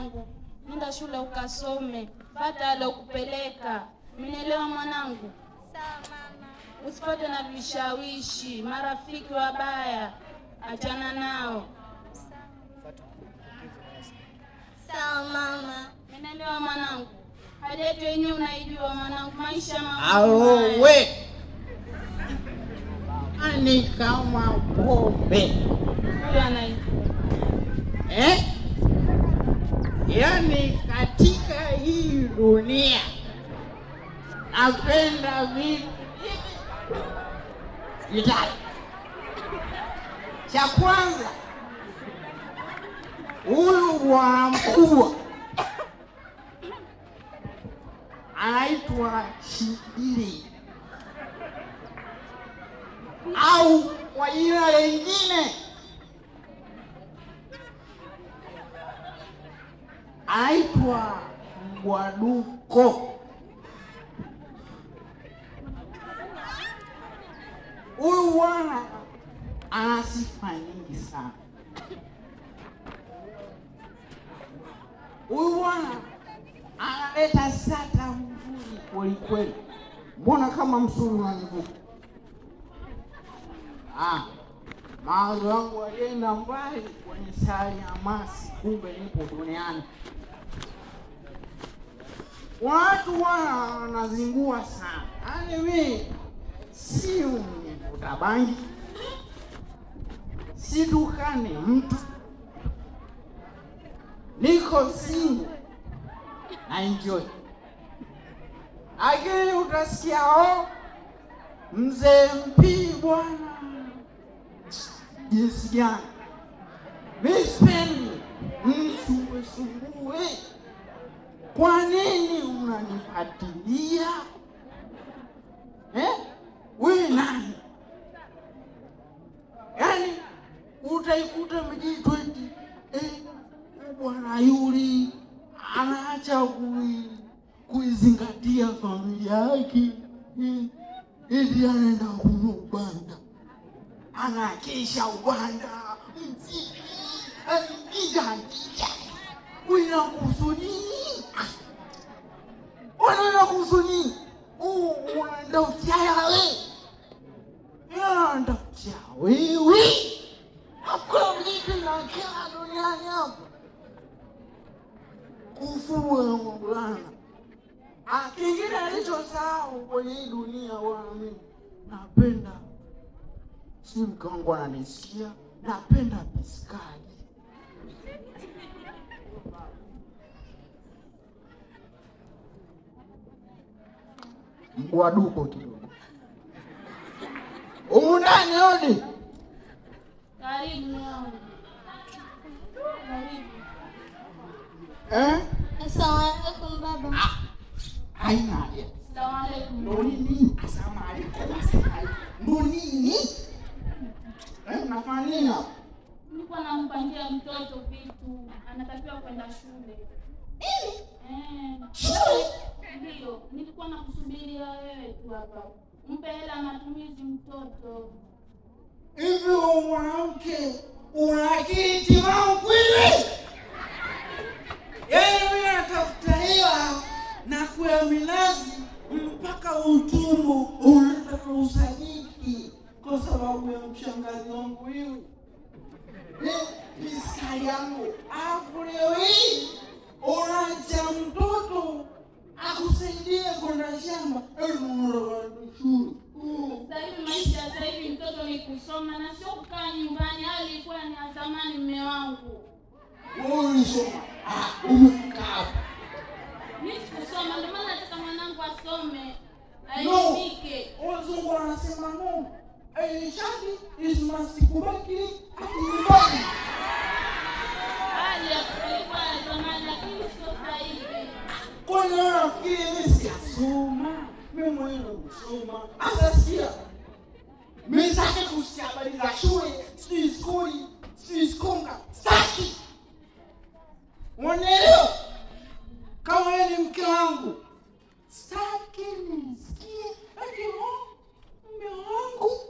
mwanangu, nenda shule ukasome, pata alokupeleka. Mnielewa mwanangu? Sawa mama. Usipate na vishawishi, marafiki wabaya, achana nao. Sawa mama. Mnielewa mwanangu? Hali yetu yenyewe unaijua mwanangu, maisha mawe ani kama pombe eh yani katika hii dunia napenda vitu vitatu. Cha kwanza, huyu bwana mkubwa anaitwa shidili au kwa jina lengine aitwa Mwaduko. Huyu bwana ana sifa nyingi sana. Huyu bwana analeta sata mzuri kweli kweli, mbona kama msuri wa miguu ah mawazo yangu walienda mbali kwenye sayari ya masi, kumbe nipo duniani. Watu wana wanazingua sana. Yaani mimi si mvuta bangi, situkane mtu, niko singo na enjoy, lakini utasikia o oh, mzee mpii bwana jinsi gani. Mimi sipendi msumbuesumbue. Kwa nini unanifuatilia eh? Wewe nani? Yaani utaikuta mjitu eti eh, bwana yuli anaacha kuizingatia familia yake eh, ili anaenda kubanda anakesha uwanda mziki angiza angiza, unakuhusu nini? Unakuhusu nini? uwanda ukiaya na ananisikia, napenda piskali. Mgwaduko kidogo. Unanioni? Karibu. Eh? Asalamu alaykum baba. Ah, haina. Asalamu alaykum. Nonini? Asalamu alaykum. Nonini? Eh, unafanya nini hapo? Nilikuwa nampangia mtoto vitu, anatakiwa kwenda shule. Eh. Shule? Ndio, nilikuwa nakusubiria wewe tu hapa. Mpe hela matumizi mtoto. Hivi mwanamke una akili timamu kweli? Yaani mimi natafuta hela na kuya minazi mpaka utumu unataka usadiki kwa sababu ya mshangazi wangu huyu. Miskari yangu afurei oraja mtoto akusaidie kwenda shamba elmurawadushuru Maisha mtoto ni kusoma na ni mme wangu ah, mwanangu asome Wazungu wanasema no Ailishaji Ismasi Kubaki akimubaki kuna rafiki mimi sijasoma, mimi mwenyewe kusoma. Sasa sikia, kusikia habari za shule, sijui skuli, sijui skonga, sitaki. Unaelewa? Kama ni mke wangu, sitaki nisikie ati oh, mume wangu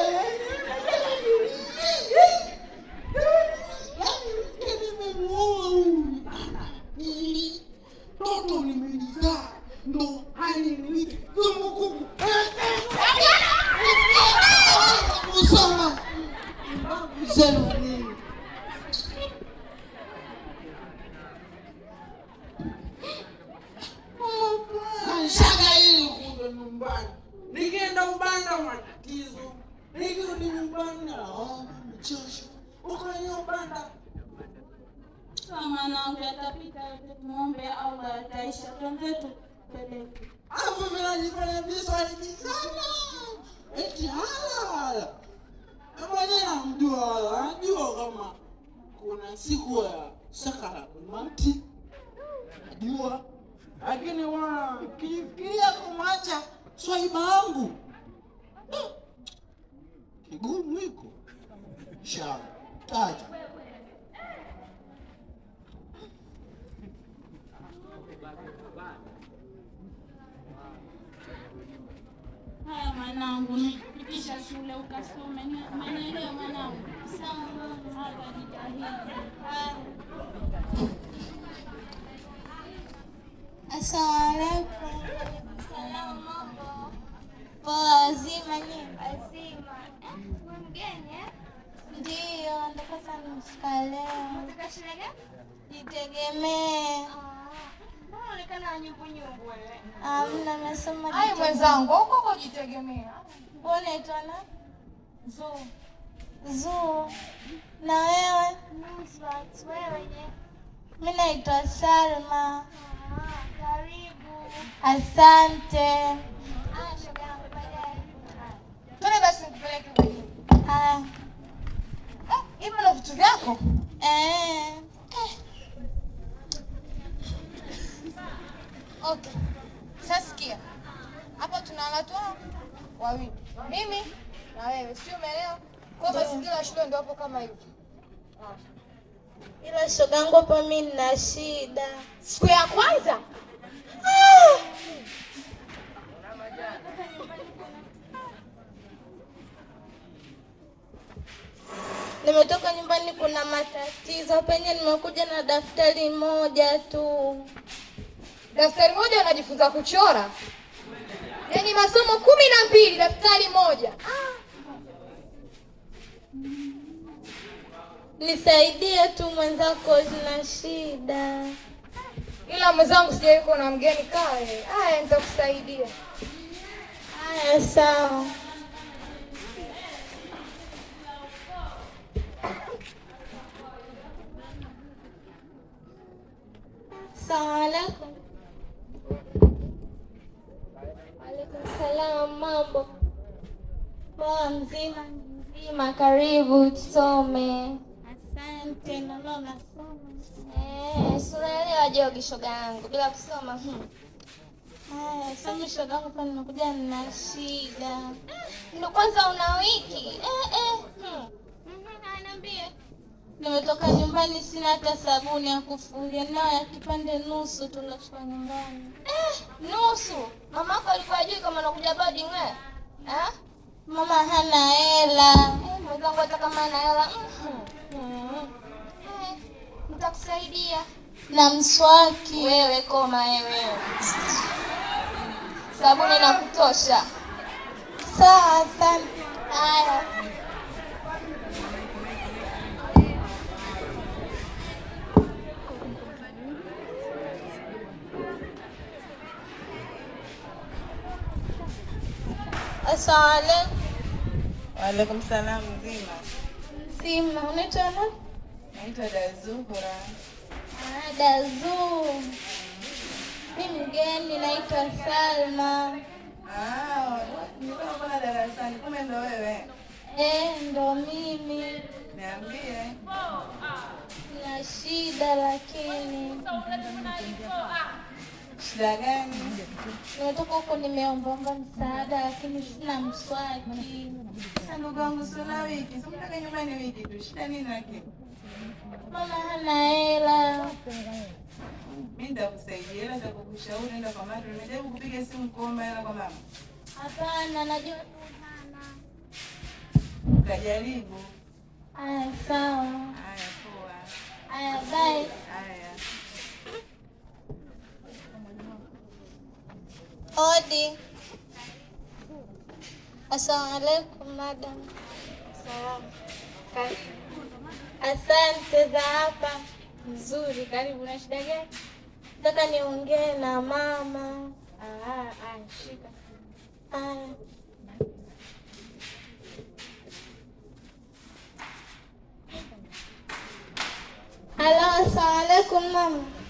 Mchoshi uko hiyo banda mwanangu, yatapita yote, tumwombe Allah ataisha. Twende tupeleke hapo. Mnajifanya viswahili sana, eti hala wala mwenye namjua wala najua kama kuna siku ya sakarakumati najua, lakini wa kijifikiria kumwacha swaiba wangu Miguu iko shavu taja haya mwanangu, nipitisha shule ukasome, mané, mwanangu? Sawa, jitahidi. Asalamu alaykum. Salamu. Azima azima. Mgeni eh? ndio ndakasa mskalea jitegemee. Ah, Amna nasema mwenzangu huko kwa jitegemea. Ah. Unaitwa na Zuu. Zuu. Na wewe? Mimi naitwa Salma. Ah, karibu. Asante. Ah, shoga. Twende basi nikupeleke kule. Haya. Hivi na vitu vyako? Eh. eh. Okay. Sasa sikia. Hapa tuna watu wawili. Mimi na wewe. Sio umeelewa? Kwa mazingira ya shule ndio hapo kama hivi. Ah. Ila shogangu hapa mimi nina shida. Siku ya kwanza nimetoka nyumbani, kuna matatizo Penye Nimekuja na daftari moja tu. Daftari moja anajifunza kuchora, yaani masomo kumi na mbili daftari moja ah. Nisaidie tu mwenzako, zina shida ila mwenzangu sija yuko na mgeni kae. aya nitakusaidia. aya sawa. Salamu alaikum salam. Mambo poa? Mzima mzima. Karibu tusome. Asante nalo nasoma. Eh, sura ile wajogi shoga yangu bila kusoma. Haya, hmm. eh, soma shoga yangu kwa ninakuja na shida. Ndio kwanza una wiki. Eh eh. Hmm. Mhm, Anaambia Nimetoka nyumbani sina hata sabuni ya kufulia nayo ya kipande nusu nachukua nyumbani. Eh, nusu. Mama yako alikuwa ajui kama anakuja badi ngwe. Eh? Mama hana hela. Eh, mwenzangu hata kama ana hela. Mm-hmm. Eh, nitakusaidia. Na mswaki. Wewe koma wewe. Sabuni na kutosha. Sawa, asante. Haya. Asalamu alaykum. Salamu mzima? Mzima. Unaitwa nani? Naitwa Dazuhura. Ah, Dazu. Mimi mgeni naitwa Salma. Ah, mbona darasani? Kumbe ndo wewe? Eh, ndo mimi. Niambie. Na shida lakini Shida gani? Nimetoka huko nimeombaomba msaada lakini sina mswaki. Sasa ndugu yangu sina wiki. Sasa mtaka nyumbani wiki tu. Shida nini lakini? Mama hana hela. Mimi nitakusaidia ila nitakukushauri nenda kwa mama. Nimejaribu kupiga simu kuomba hela kwa mama. Hapana, najua tu hana. Ukajaribu. Aya, sawa. Aya, poa. Aya, bye. Aya. Odi. Assalamu alaikum madam. Salamu. Asante za hapa mzuri, karibu. Na shida gani? Nataka niongee na mama. Aha, shika. Ah. Hello, alaikum mama.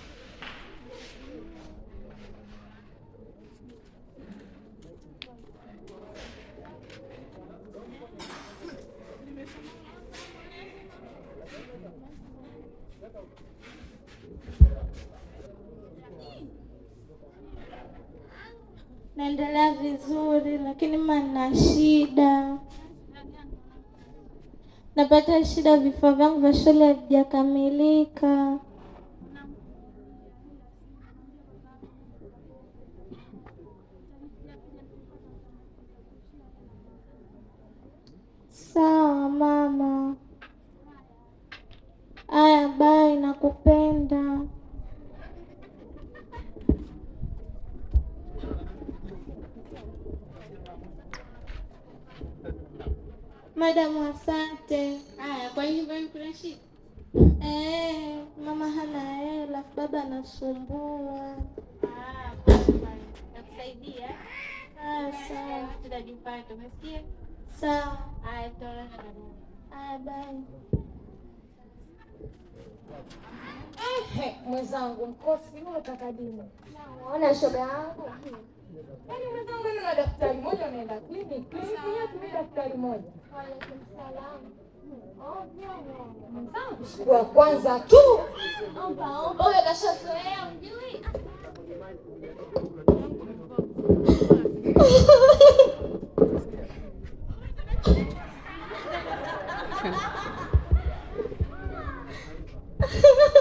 naendelea vizuri, lakini mna shida, napata shida, vifaa vyangu vya shule havijakamilika. Sawa mama, Aya, bai, nakupenda. Madamu, asante. Haya, kwa hivyo kuna eh, mama hana hela, baba anasumbua. Ah, nakusaidia. Ah, sawa. Tutajipata, umesikia? Sawa. Haya, tutaona. Haya, ah, bye. Ehe, mwenzangu mkosi ule kakadimu. Naona shoga yangu. Yaani mwenzangu mimi na daktari mmoja ameenda kliniki. Kliniki yetu daktari mmoja. Mwenzangu siku ya kwanza tu. Wewe kashazoea mjui.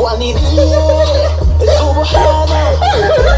Juanita, eh, Subhana.